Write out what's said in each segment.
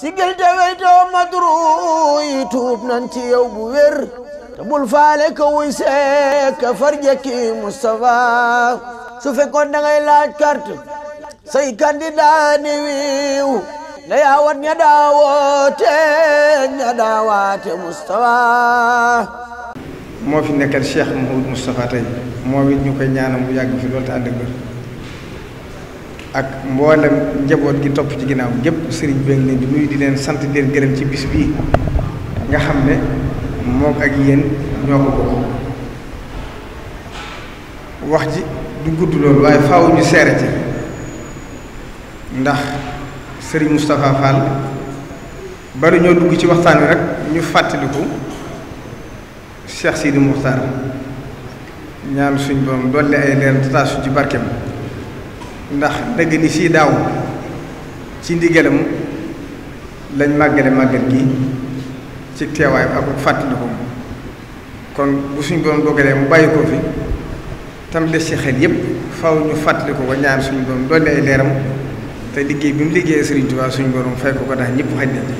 sigil te weytoo madru yi tuub nan ci yow bu wér te bul faale ka wuy seek ka farjekki Moustapha su fekkoon da laaj carte say candidat ni wiiw na yaawat ña daawoote ña daawaate Moustapha moo fi nekkal Cheikh Mouhamadou Moustapha tey moo it ñu koy ñaanal mu yàgg fi lool te ànd ak ak mboolem njaboot gi topp ci ginnaaw ñëpp sëriñ bi leen di nuyu di leen sant di leen gërëm ci bis bii nga xam ne moom ak yéen ñoo ko bokk wax ji du gudd loolu waaye faaw seere ci ndax sëriñ Moustapha Fall bari ñoo dugg ci waxtaan wi rek ñu fàttaliku Cheikh Sidi Moukhtar ñaan suñ borom dolli ay leer tataasu ci barkeem ndax dëgg ni fii daaw ci ndigalam lañ màggale màggal gi ci teewaay ak fàttaliku kon bu suñ borom dogalee mu bàyyi ko fi tam des ci xel yépp faw ñu fàttaliku ko ñaan suñu borom dolli ay leeram te liggéey bi mu liggéeyee Serigne Touba suñu borom fay ko ko ndax ñëpp xaj nañ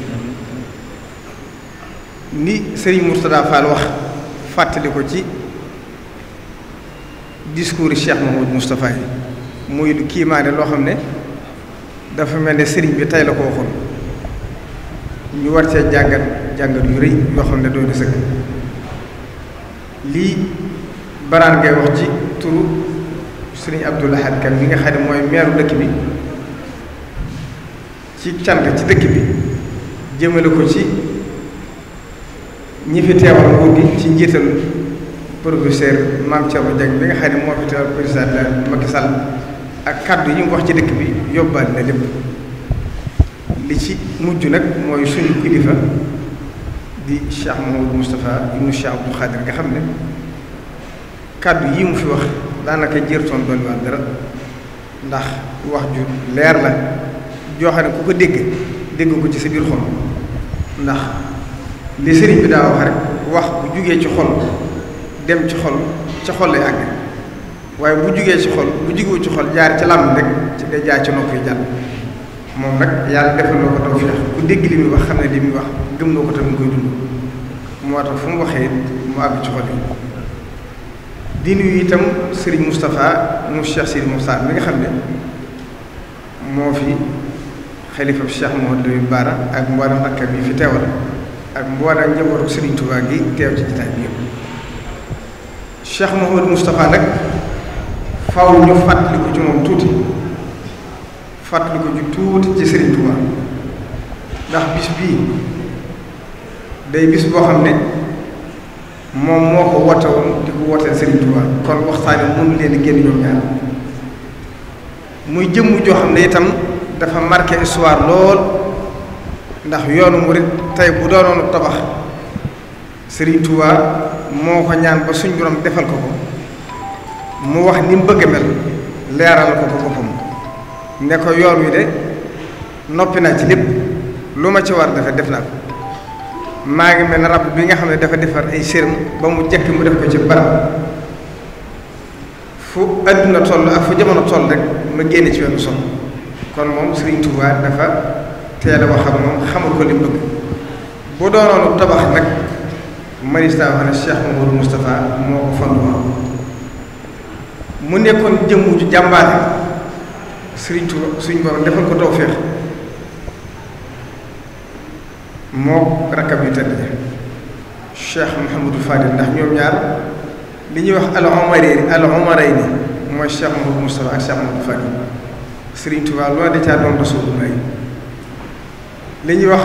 ni Serigne Mourtada wax fàttali ko ci discours Cheikh muy lu kiimaane loo xam ne dafa mel ne sëriñ bi tey la ko waxoon ñu war cee jàngat jàngat yu rëy yoo xam ne doo di sëkk lii baraan ngay wax ci turu sëriñ Abdou Lahad Kane bi nga xam ne mooy meeru dëkk bi ci cant ci dëkk bi jëmale ko ci ñi fi teewal nguur gi ci njiital professeur Mame bu Dieng bi nga xam ne moo fi teewal président Macky Sall ak kàddu yi mu wax ci dëkk bi yóbbaale na lépp li ci mujj nag mooy suñu kilifa di Cheikh Mahamadou Moustapha ibnu Cheikh Abdou Khadir nga xam ne kàddu yi mu fi wax daanaka jërtoon doon waat dara ndax wax ju leer la joxe ne ku ko dégg dégg ko ci sa biir xol ndax li sëriñ bi daa wax rek wax bu jugee ci xol dem ci xol ca xol lay àgg waaye bu jugee ci xol bu jugewu ci xol jaar ci làmb rek ci day jaar ci nopp yi jàll moom nag yàlla defal na ko tawfeex ku dégg li muy wax xam ne li muy wax gëm nga ko tamit koy dund moo tax fu mu waxee mu àgg ci xol yi di nuyu itam Serigne Moustapha mu Cheikh Sidi Moussa mi nga xam ne moo fi xalifa Cheikh Mouhamadou Lamine Bara ak mboolem rakkam yi fi teewal ak mboolem njabootu Serigne Touba gi teew ci jotaay bi yëpp Cheikh Mouhamadou Moustapha nag. faw ñu fàttaliku ci moom tuuti fàttaliku ci tuuti ci Serigne Touba ndax bis bii day bis boo xam ne moom moo ko woote woon di ko wooteel Serigne Touba kon waxtaane mënu leen di génn ñoom ñaar muy jëmm joo xam ne itam dafa marke histoire lool ndax yoonu murit tey bu doonoon tabax Serigne Touba moo ko ñaan ba suñ borom defal ko ko mu wax ni mu bëgg a mel leeral ko ko boppam ne ko yoor wi de noppi naa ci lépp lu ma ci war dafa def naa ko maa ngi mel ne rab bi nga xam ne dafa defar ay sërm ba mu jekk mu def ko ci barab fu na toll ak fu jamono toll rek ma génne ci wenn son kon moom Serigne Touba dafa teel a wax ak moom xamul ko lim bëgg bu doonoonu tabax nag manistaa wax ne Cheikh Mamadou Moustapha moo ko fondu woon mu nekkoon jëmm jàmbar jàmbaare sëriñ Tuuba suñ defal ko tawféex moo rakkab yu tedd yi Cheikh Mouhamadou Fadil ndax ñoom ñaar li ñuy wax al omari al omaray ni mooy Cheikh Mouhamadou Moustapha ak Cheikh Mouhamadou Fadil sëriñ Tuuba loo de caa doon rasulullah li ñuy wax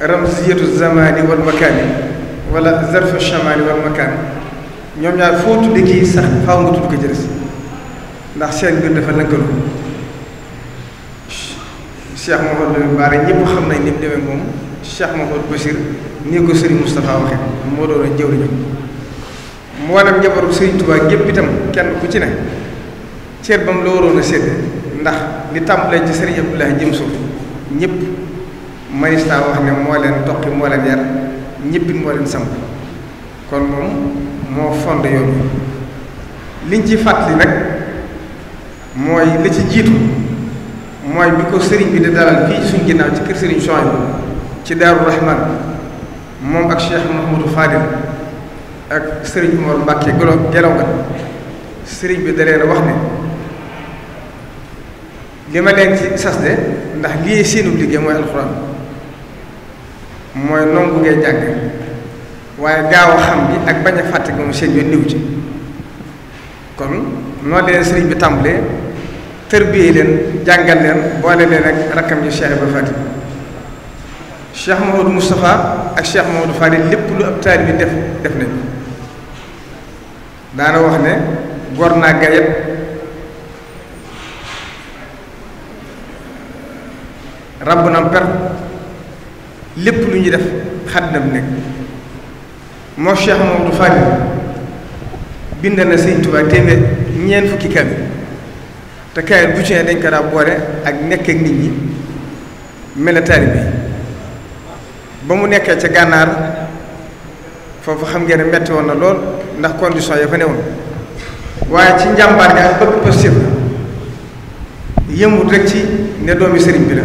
ramziyatu zamani wal makaani wala zarfu chamali wal makaan ñoom ñaar foo tudde kii sax faaw nga tudd ko jërësi ndax seen mbir dafa lëkkalu Cheikh Mouhamadou Bara ñëpp xam nañ ni mu demee moom Cheikh Mouhamadou Bachir nii ko Serigne Moustapha waxee moo doon a jëwriñam mboolem njabootu Serigne Touba gépp itam kenn ku ci ne ceeb bam la ndax li tàmbalee ci Serigne Abdoulaye jëm suuf ñëpp manista wax ne moo leen toqi moo leen yar ñëpp moo leen samp kon moom moo fond yoon liñ ci fàttali nag mooy la ci jiitu mooy bi ko sëriñ bi di dalal fii suñ ginnaaw ci kër sëriñ Souhaïbou ci Daaru Rahman moom ak Cheikh Mouhamadou Fadil ak sëriñ Mor Mbacke golo gelaw sëriñ bi da leen wax ne li ma leen ci sas de ndax lii seenub liggéey mooy alxuraan mooy nongu ngay jàng waaye gaaw a xam bi ak bañ a fàtte ko mu seen yoon niw ci kon noonu leen sëriñ bi tàmbalee tërbiyee leen jàngal leen boole leen ak rakkam yi Cheikh Ibrahima Faty Cheikh Mahodou Moustapha ak Cheikh Mahodou lépp lu ab taalibe bi def def nañu daana wax ne gor naa gayet rabb na per lépp lu ñuy def xaddina bi nekk moo Cheikh Mahodou Faty bind na Sëñ Tuubaa téeméer ñeent fukki kami te kaayit bu ci ne dañ ko daa boole ak nekk ak nit ñi mel ne taalibe ba mu nekkee ca gànnaar foofu xam ngeen ne metti woon na lool ndax condition ya fa woon waaye ci njàmbaar ga ak bëgg positif yëmut rek ci ne doomi sëriñ bi la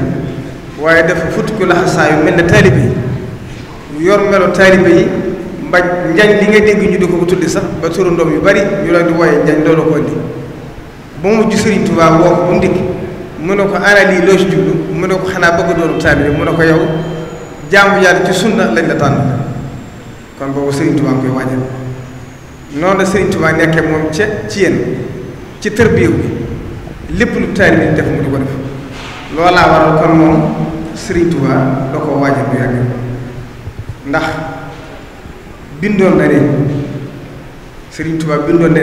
waaye dafa futt ko laxasaa yu mel ne taalibe yi yor melo taalibe yi mbaj njañ li nga dégg ñu di ko ko tuddi sax ba turu ndoom yu bari ñu la di wooye njañ loolu ko indi ba mu mujj Sëriñ Tuubaa woo ko bu ndikk mu ne ko ana lii ci jublu mu ne ko xanaa bëgg doonu taalibe mu ne ko yow jaamu yàlla ci sunna lañ la tànn kon boobu Sëriñ Tuubaa ngi koy waajal noonu la Sëriñ ci yéen ci lu taalibe def mu di ko def loolaa waral kon moom Sëriñ Tuubaa da koo waajal bu yàgg ndax bindoon na ne Sëriñ Tuubaa bindoon na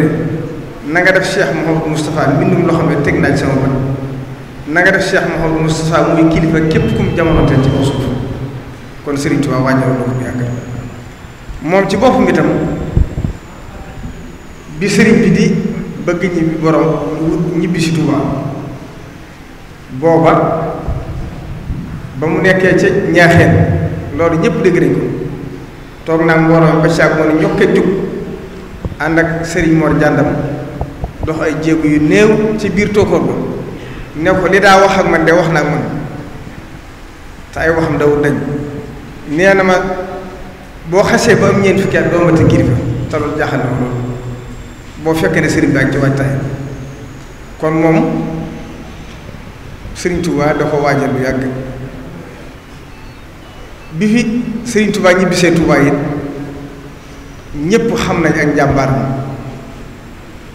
nanga def Cheikh Mouhamadou Moustapha mbindum loo xam ne teg naa ci sama def Cheikh Mouhamadou Moustapha kilifa képp kum jamono teen ci kaw suuf kon Serigne Touba wàññiwoon na bu yàgg moom ci boppam itam bi Serigne bi di bëgg ñibbi borom ñibbi si Touba booba ba mu nekkee ca ñaaxeen loolu ñëpp dégg nañ toog naa mbooloo ba caag moo ne ñokkee jug ànd ak Serigne Mor Jàndam dox ay jéego yu néew ci biir tóokóor ba ne ko li daa wax ak man de wax naa ak man te ay waxam dawul dañ nee na ma boo xasee ba am ñeent fukki at doo mati kilifa te loolu jaaxal na ma loolu boo fekkee ne sëriñ bi ak ci waajtaay kon moom sëriñ Touba da ko waajal lu yàgg bi fi sëriñ Touba ñibbisee Touba it ñépp xam nañ ak njàmbaar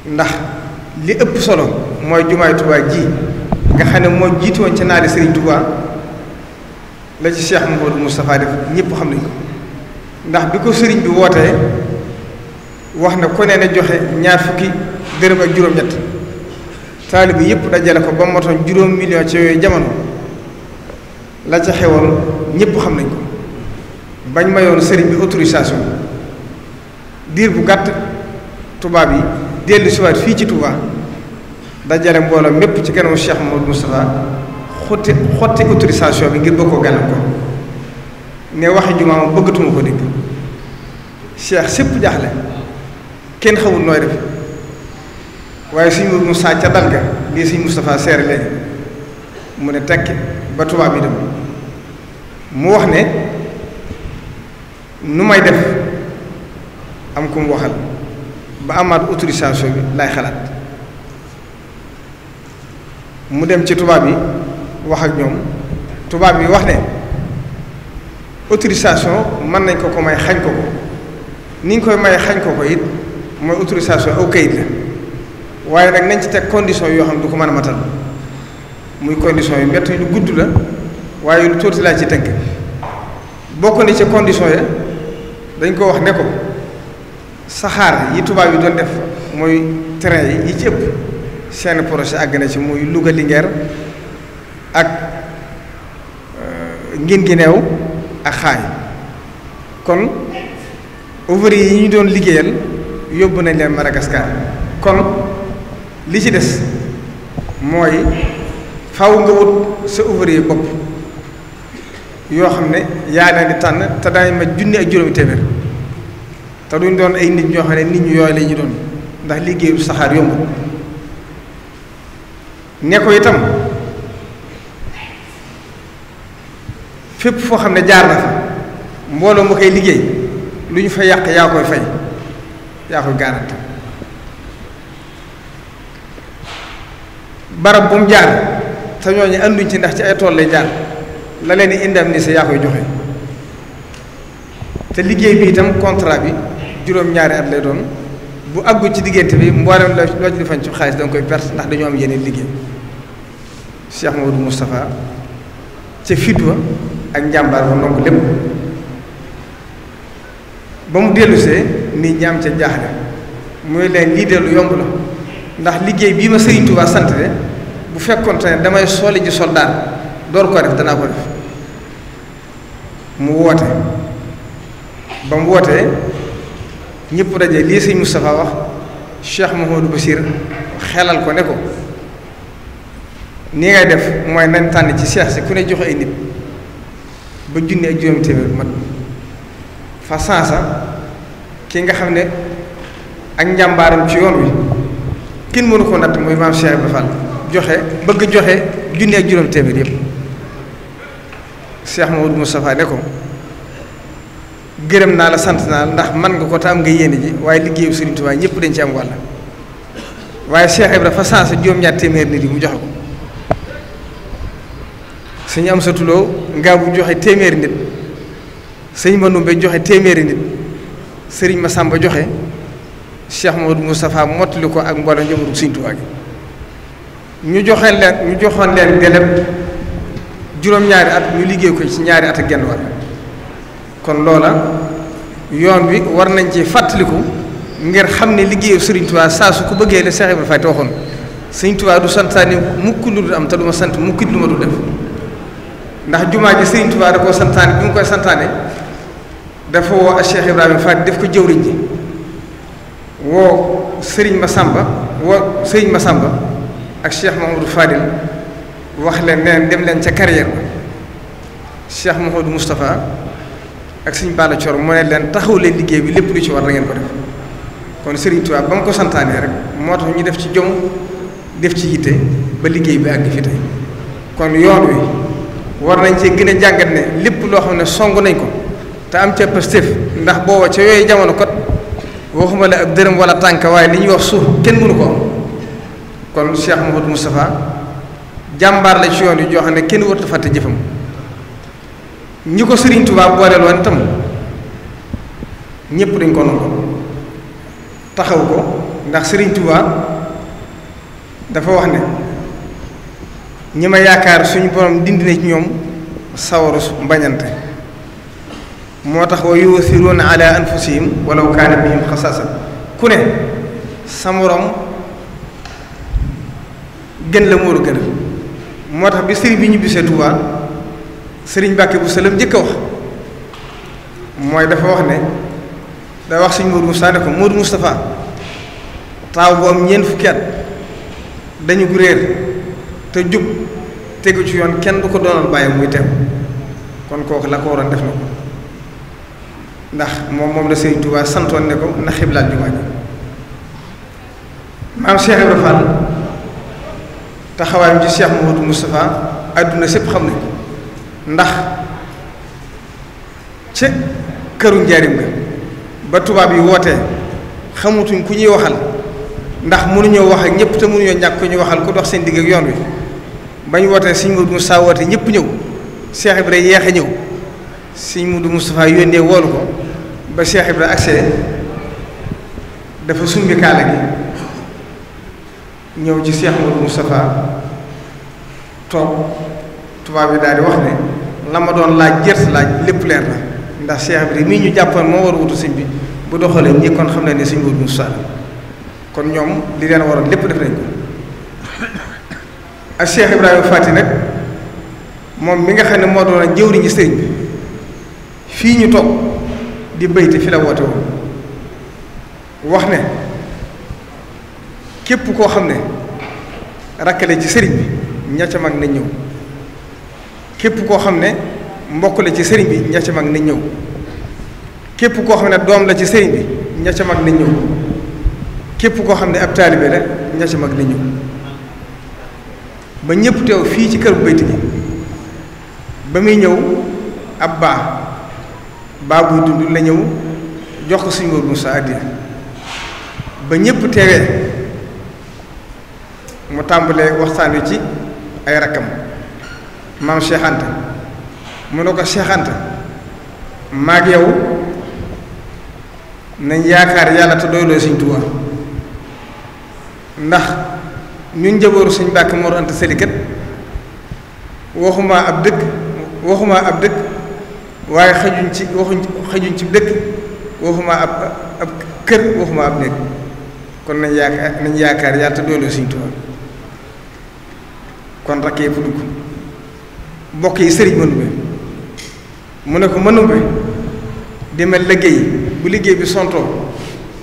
ndax li ëpp solo mooy jumaay Tuubaa jii nga xam ne moo jiitu woon ca naari Serigne Touba la ci Cheikh Mouhamadou Moustapha def ñëpp xam nañ ko ndax bi ko sëriñ bi wootee wax na ko ne ne joxe ñaar fukki dërëm ak juróom-ñett taalibe yëpp dajale ko ba motoon juróom million ci yooyu jamono la ca xewoon ñëpp xam nañ ko bañ mayoon sëriñ bi autorisation diir bu gàtt tubaab yi. dellu siwaat fii ci Touba dajale mboolam mépp ci kanamu Cheikh Mamadou Moustapha xotti xotti autorisation bi ngir bëgg koo gànnaaw ko ne waxi jumaa ma bëggatuma ko dégg Cheikh sépp jaaxle kenn xamul nooy def waaye suñu Moussa ca dal ga lii suñu Moustapha seere léegi mu ne tekki ba Touba bi dem mu wax ne nu may def am ku mu waxal. ba amaat autorisation bi lay xalaat mu dem ci tubaab yi wax ak ñoom tubaab yi wax ne autorisation mën nañ ko ko may xañ ko ko ni ñu koy may xañ ko ko it mooy autorisation aw kayit la waaye nag nañ ci teg condition yoo xam du ko mën a matal muy condition yi mbett lu gudd la waaye lu tuuti laa ci tënk bokk na ci condition ya dañ ko wax ne ko saxaar yi tubaab yi doon def mooy train yi yi ci ëpp seen projet àgg na ci muy Louga Linguère ak euh, ngin gineew ak xaay kon ouvrier yi ñu doon liggéeyal yóbbu nañ leen Madagascar kon li ci des mooy faw nga wut sa ouvrier bopp yoo xam ne yaa leen di tànn te daañu ma junni ak juróomi téeméer te duñ doon ay nit ñoo xam ne nit ñu yooyu la ñu doon ndax liggéeyu saxaar yomb ne ko itam fépp foo xam ne jaar na fa mbooloo mu koy liggéey lu ñu fa yàq yaa koy fay yaa koy garanti barab bu mu jaar te ñooñu anduñ ci ndax ci ay tool lay jaar la leen di indemniser yaa koy joxe. te liggéey bi itam contrat bi juróom-ñaari at lay doon bu àggu ci diggante bi mboolem loo ci defañ ci xaalis da nga koy perte ndax dañoo am yeneen liggéey Cheikh Mamadou Moustapha ca fitwa ak njàmbaar ba ndonk lépp ba mu dellusee nii ñaam ca jaaxle muy leen lii dellu yomb la ndax liggéey bii ma Sëriñ Tuubaa sant de bu fekkoon te ne damay sooli ji soldaar door ko def danaa ko def mu woote ba mu wootee ñëpp daje lii sëñ Moustapha wax Cheikh Mouhamadou Bachir xelal ko ne ko ni ngay def mooy nañ tànn ci seex si ku ne joxe nit ba junni ak juróomi téeméer mat fa sansa ki nga xam ne ak njàmbaaram ci yoon wi ko natt muy maam Cheikh Ibra Fall joxe bëgg joxe junni ak yëpp Cheikh Mouhamadou Moustapha ne ko gërëm naa la sant naa la ndax man nga ko te am nga yéene ji waaye liggéeyu Sëriñ Tuubaa ñëpp dañ ci am wàll waaye Cheikh Ibra fa sansa juróom-ñaar téeméer nit yi mu joxe ko suñu am sa tuloo ngaa bu joxe téeméeri nit sëñ Manumbe joxe téeméeri nit sëriñ Masamba joxe Cheikh Mamadou Moustapha mottali ko ak mboolem njabootu Sëriñ Tuubaa gi ñu joxe leen ñu joxoon leen delem juróom-ñaari at ñu liggéey ko ci ñaari at ak genn wàll kon loola yoon wi war nañ ci fàttaliku ngir xam ne liggéeyu Sëriñ Tuubaa saa su ko bëggee la Seex Ibra Faati waxoon Sëriñ Tuubaa du santaane mukk sant mukk lu ma dul def ndax koy santaane dafa woo ak def ko jëwriñ ji woo Sëriñ Masamba woo Sëriñ Masamba ak Cheikh Mahamadou Fadil wax leen neen dem leen ca carrière ba Cheikh Mahamadou ak suñu Balla Coor mu ne leen taxaw leen liggéey bi lépp lu ci war na ngeen ko def kon Serigne ba mu ko santaanee rek moo tax ñu def ci jom def ci yitte ba liggéey bi àgg fi tey kon yoon wi war nañ cee gën a jàngat ne lépp loo xam ne song nañ ko te am ca pastef ndax booba ca yooyu jamono kot waxuma la ab dërëm wala tànk waaye li ñuy wax suuf kenn mënu ko kon am kon Cheikh Mouhamadou Moustapha jàmbaar la ci yoon wi joo ne kenn warut fàtte jëfam. ñi ko Serigne Touba booleel woon itam ñëpp dañ ko nangu taxaw ko ndax Serigne Touba dafa wax ne ñi ma yaakaar suñu borom dindi na ci ñoom sawarus mbañante moo tax wa yuuthiruuna ala anfusihim walaw kaana bihim xasaasa ku ne sa morom gën la mu war a moo tax bi Serigne bi ñu bisee sëriñ Mbàkke bu sëlam njëkk a wax mooy dafa wax ne da wax suñ Moodu Moustapha ne ko Moodu Moustapha taaw bu am ñeent fukki at dañu ko réer te jub tegu ci yoon kenn du ko doonoon bàyyi muy teew kon kooku la ko waroon def na ko ndax moom moom la sëriñ Tuubaa santoon ne ko na xiblaat ju wàññi maam Cheikh Ibrahima Fall taxawaayam ci Cheikh Moodu Moustapha àdduna sépp xam nañ ndax ca këru njaarim ga ba tubaab yi woote xamutuñ ku ñuy waxal ndax mënuñoo wax ak ñëpp te mënuñoo ñàkk ku ñuy waxal ku dox seen digg ak yoon wi bañ wootee sëñ Mudu Mustafaa woote ñëpp ñëw Cheikh Ibra yeex a ñëw sëñ Mudu Mustafaa yónnee woolu ko ba Cheikh Ibra accès dafa sumbi kaala gi ñëw ci Cheikh Mustafaa toog tubaab yi daal wax ne la ma doon laaj jërt laaj lépp leer na ndax Cheikh Abri mii ñu jàppoon moo war a wutu sëñ bi bu doxalee ñi kon xam ne ni sëñ bi wutu Moussa kon ñoom li leen waroon lépp def nañ ko ak Cheikh Ibrahima Fati nag moom mi nga xam ne moo doon a jëwriñu sëriñ bi fii ñu toog di béyti fi la woote wax ne képp koo xam ne rakkale ci sëriñ bi ña ca mag nañ ñëw képp koo xam ne mbokk la ci sëriñ bi ña ca mag nañ ñëw képp koo xam ne doom la ci sëriñ bi ña ca mag nañ képp koo xam ne ab taalibe la ña ca mag nañ ñëw ba ñëpp teew fii ci kër bu bayt gi ba muy ñëw ab baa baa buy dund la ñëw jox ko suñu Mor Moussa addiya ba ñépp teewee mu tàmbalee waxtaan wi ci ay rakkam maam Cheikh Anta mu ko Cheikh maag yow nañ yaakaar yàlla te doyloo Sëñ Tuubaa ndax ñun njabooru Sëñ Mbàkke Mor Anta ab dëkk waxuma ci waxuñ xajuñ ci dëkk waxuma ab ab kër waxuma ab kon nañ yaakaar nañ yaakaar yàlla te doyloo Sëñ yëpp dugg mbokk yi sëriñ Manoumbe mu ne ko Manoumbe demal liggéey bu liggéey bi sontoo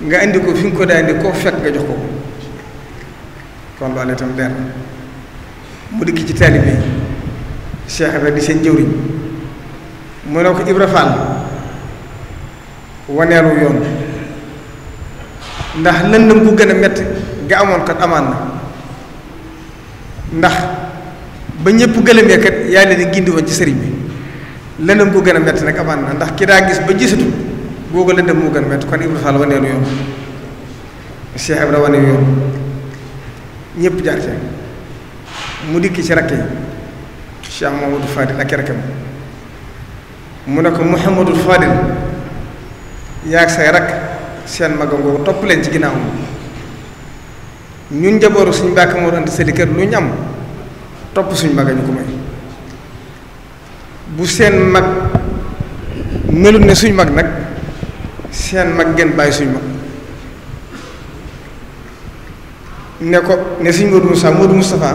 nga indi ko fi nga ko daa indi koo fekk nga jox ko kon loolu itam leer mu dikk ci taalibe yi Cheikh di seen jëwriñ mu ne ko Ibra Fall waneelu yoon ndax lëndëm bu gën a metti nga amoon ko amaan na ndax ba ñëpp gëlëm ya kat yaa leen gindi ci sëriñ bi lëndëm ko gën a métti nag amaan na ndax ki daa gis ba gisatu googu lëndëm moo gën a métti kon Ibra Fall waneenu yoon Cheikh Ibra waneenu yoon ñëpp jaar mu dikk ci rakk yi Cheikh Mamadou Fadil ak rakkam mu ne ko Mouhamadou Fadil yaa ak say rakk seen magam googu topp leen ci ginnaawam ñun njabootu suñu bàkk moo doon andi sëli kër lu ñu am. topp suñ mag ñu ko may bu seen mag melut ne suñ mag nag seen mag ngeen bàyyi suñ mag ne ko ne suñ Modou Moussa Modou Moustapha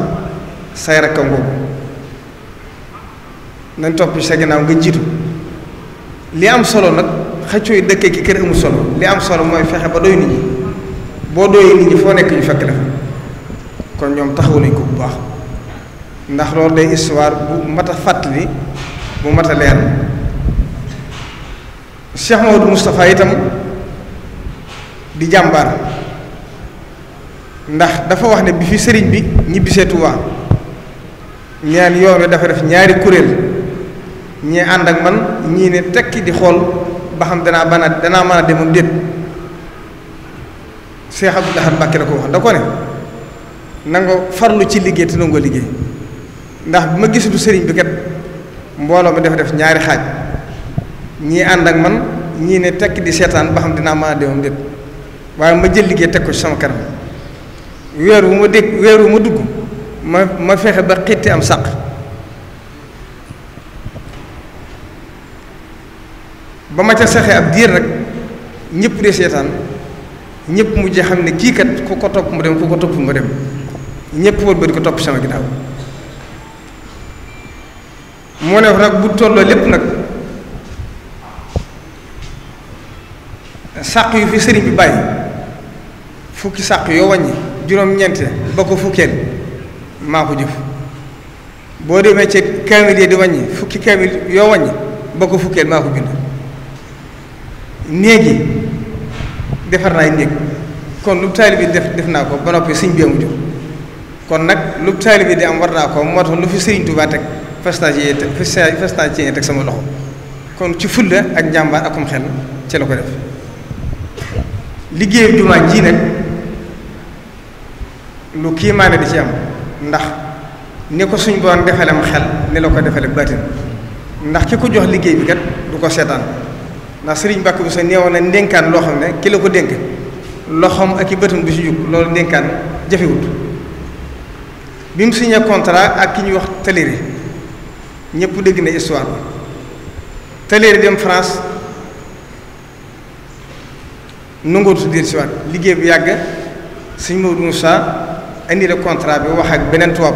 say rakkam boobu nañ topp sa ginnaaw nga jiitu li am solo nag xëccooy dëkkee ki kër amul solo li am solo mooy fexe ba doy nit ñi boo doyee nit ñi foo nekk ñu fekk la fa kon ñoom taxaw nañ ko bu baax ndax loolu day histoire bu mat a fàttali bu mat a leer Cheikh Maodo Moustapha itam di jàmbaar ndax dafa wax ne bi fi sëriñ bi ñibbi Tuubaa ñaan yoon dafa def ñaari kuréel ñii ànd ak man ñii ne tekki di xool ba xam danaa bana danaa mën a demoon déet Cheikh Abdou Lahad Mbacké ko wax da ko ne nanga farlu ci liggéey te nangoo liggéey ndax bu ma gisalu sëriñ bi kat mbooloo mi dafa def ñaari xaaj ñii ànd ak man ñii ne tekk di seetaan ba xam dinaa mën a demam lépp waaye ma jël liggéey teg ko ci sama kanam ma dégg ma dugg ma ma fexe ba xitti am sàq ba ma ca saxee ab diir nag ñëpp de seetaan ñëpp mujj xam ne kii kat ku ko topp mu dem ku ko topp ma dem ñépp wër ba di ko topp sama ginnaaw mu ne nag bu tolloo lépp nag sàq yu fi sëriñ bi bàyyi fukki sàq yoo wàññi juróom-ñeent ba ko fukkeel maa ko jëf boo demee ci kaamil yi di wàññi fukki kaamil yoo wàññi ba ko fukkeel maa ko bind néegi defar naay néeg kon lu taali bi def def naa ko ba noppi sëñ bi amu kon nag lu taali bi de am war naa ko moo tax lu fi sëriñ Tuubaa teg fas naa ci te fas naa ci teg sama loxo kon ci fulla ak njàmbaar akum xel ci la ko def liggéeyu jumaa ji nag lu kiimaane di ci am ndax ni ko suñ boon defalem xel ni la ko defale baatin ndax ki ko jox liggéey bi kat du ko seetaan ndax sëriñ Bakk bi sa neewoon na ndénkaan loo xam ne ki la ko dénk xam ak i bëtam du ci jug loolu ndénkaan jafewut bi mu signé contrat ak ki ñuy wax tëlëri ñëpp dégg na histoire bi tëleer dem France nangootu dir si liggéey bi yàgg sëñ Maodo Moussa indi le contrat bi wax ak beneen tubaab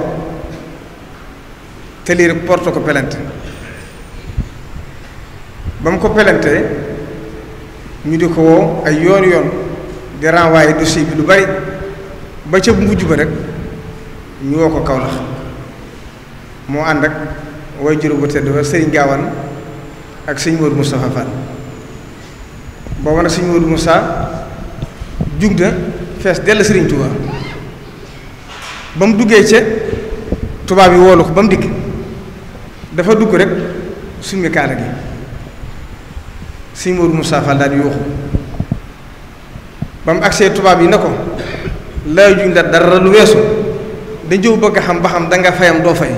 tëleer porte ko pelante ba mu ko pelantee ñu di ko woo ay yoon yoon di renvoyé dossier bi lu bari ba ca mujj ba rek ñu woo ko Kaolack moo ànd ak way juru bu tedd ba sëriñ gaawan ak sëñ Modou Moustapha Fall booba nag sëñ Modou Moustapha jug na fees dell sëriñ Touba ba mu duggee ca tubaab yi woolu ko ba mu dikk dafa dugg rek summi gi sëñ Modou Moustapha Fall daal yuuxu ba mu agsee tubaab yi ne ko laa juñ la dara lu weesu dañu bëgg xam ba xam danga fayam doo fay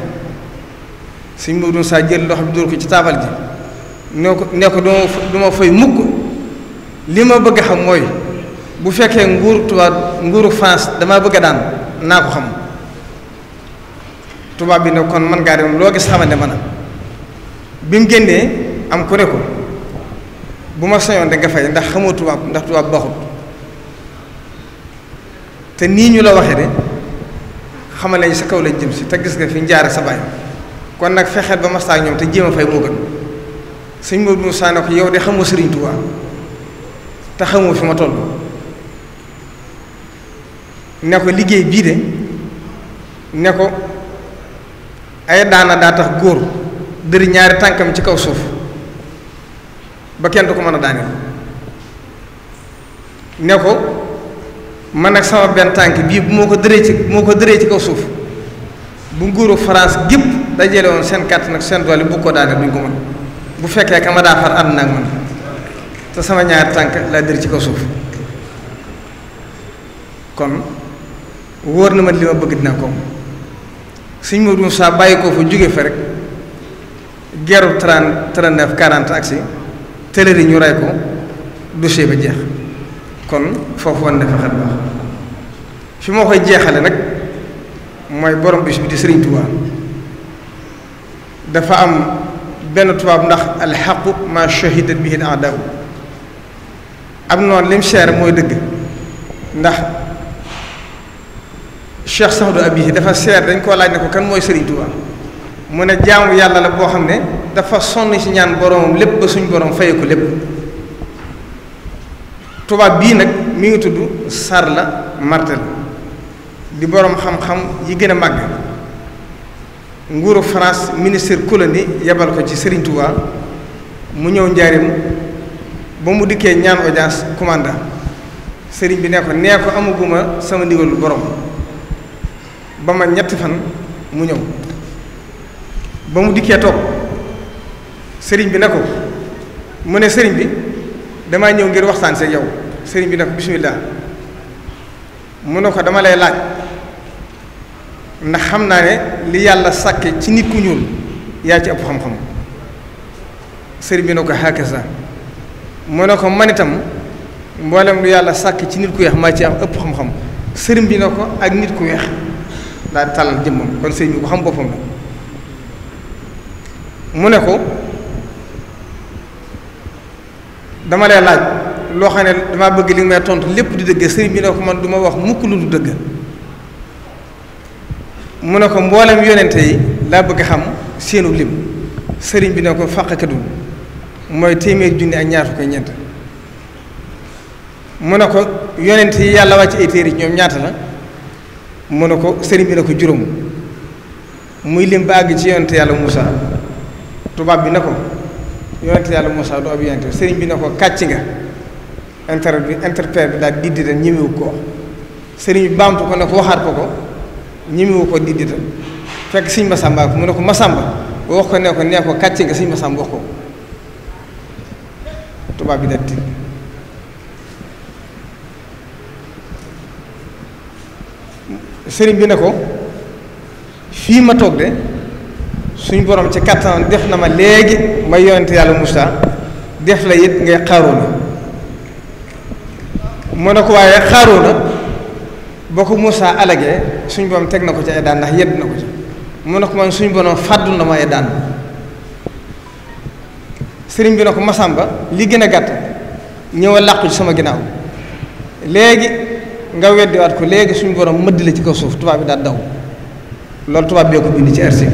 suñ Modou saa jël loxo bi dóor ko ci taabal ji ne ko ne ko duma duma fay mukk li ma bëgg xam mooy bu fekkee nguur tubaab nguuru France damaa bëgg a daan naa ko xam tubaab bi ne kon man ngaa dem loo gis xamante ma na bi mu génnee am ku ne bu ma sañoon da nga ndax xamoo tubaab ndax tubaab baaxut te nii ñu la waxee de xamal lañ sa kaw la jëm si te gis nga fi njaare sa baay kon nag fexeel ba mastaak ñoom te jéem a fay moo gën sëñ Maodo Moussa ne ko yow de xamoo Serigne Touba te xamoo fi ma toll ne ko liggéey bii de ne ko ay daana daa tax góor dëri ñaari tànkam ci kaw suuf ba kenn du ko mën a daaneel ne ko man ak sama benn tànk bii bu moo ko dëree ci moo ko dëree ci kaw suuf bu nguuru France gépp dajale woon seen kàttan ak seen doole bu ko daane duñ ko mën bu fekkee ka ma daa far ànd naag man te sama ñaari tànk laa dër ci kaw suuf kon wóor na ma li ma bëgg dina ko suñ Modou Moussa bàyyi ko fa jóge fa rek guerre trente trente neuf quarante ak si tëlëri ñu rey ko dossier ba jeex kon foofu wan na fa xel baax fi ma koy jeexale nag mooy borom bi di sëriñ Tuubaa dafa am benn tubaab ndax alxaqu ma shahidat bihi al a'daa am noonu lim seer mooy dëgg ndax Cheikh Sahdou Abihi dafa seer dañ koo laaj ne ko kan mooy sëriñ Tuubaa mu ne jaamu yàlla la boo xam ne dafa sonn ci ñaan boromam lépp ba suñ borom faye ko lépp tubaab bii nag mi ngi tudd Sarla Martel di boroom xam-xam yi gën a màgg nguuru France ministre colonie yebal ko ci Serigne Touba mu ñëw njaarim ba mu dikkee ñaan audience commandant Serigne bi ne ko nee ko amaguma sama ndigalu boroom ba ma ñetti fan mu ñëw ba mu dikkee toog sëriñ bi ne ko mu ne sëriñ bi damaa ñëw ngir waxtaan seeg yow sëriñ bi ne ko bismillah mu ne ko dama lay laaj. ndax xam naa ne li yàlla sàkke ci nit ku ñuul yaa ci ëpp xam-xam sëriñ bi ne ko hakasa mu ne ko man itam mboolem lu yàlla sàkk ci nit ku weex maa ci am ëpp xam-xam sëriñ bi ne ko ak nit ku weex daal di tàllal jëmmam kon sëriñ ko xam boppam la mu ne ko dama lay laaj loo xam ne damaa bëgg li may tontu lépp di dëgg sëriñ bi ne ko man duma wax mukk lu du dëgg mu ne ko mboolem yonente yi laa bëgg a xam seenu lim sëriñ bi na ko fàqkadul mooy téeméer junni ak ñaar fukk ak ñeent mu ne ko yonente yi yàlla wàcc ay téere ñoom ñaata la mu ne ko sëriñ bi ne ko juróom muy lim ba àgg ci yonente yàlla Moussa tubaab bi ne ko yonente yàlla Moussa du ab yonente sëriñ bi ne ko kàcc nga inter bi interprète bi daal diddi da ñemewu ko sëriñ bi baamtu ko ne ko waxaat ko ko ñemewu ko di diital fekk sëñ Masamba mu ne ko Masamba wax ko ne ko nee ko kàcce nga sëñ Masamba wax tubaab bi daal tiit sëriñ bi ne ko fii ma toog de suñ boroom ci kattan def na ma léegi ma yonent yàlla Moussa def la it ngay xaaroona mu ne ko waaye xaaroona boo ko Moussa alagee suñu borom teg na ko ci ay daan ndax yedd na ko ci mu ne ko man suñu borom fàddul na ma ay daan sëriñ bi na ko Masamba li gën a gàtt ñëwal làqu ci sama ginnaaw léegi nga weddiwaat ko léegi suñ borom mëdd la ci kaw suuf tubaab bi daal daw loolu tubaab bee ko bind ci archive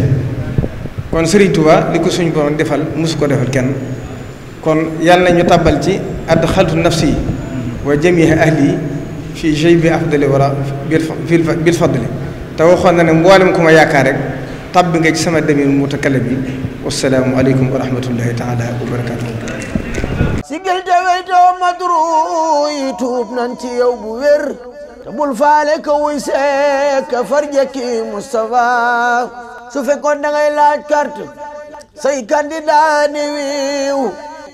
kon sëriñ Tuubaa li ko suñ borom defal mosu ko defal kenn kon yàlla na ñu tàbbal ci àdd xaltu nafsi wa jamii ahli fii jëy bi afdali wala bil bil fadli te waxoon na ne mboolem ku ma yaakaar rek tabbi nga ci sama demir mutakala bi wasalaamu aleykum wa rahmatullahi taala wa barakaatu sigil te weytoo madru yi tuub nan ci yow bu bul faale ka wuy seek ka farjaki Moustapha su fekkoon da ngay laaj carte say candidat ni wiiw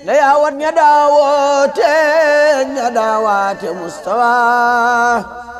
la yaawat ña daawoote ña daawaate Mustafa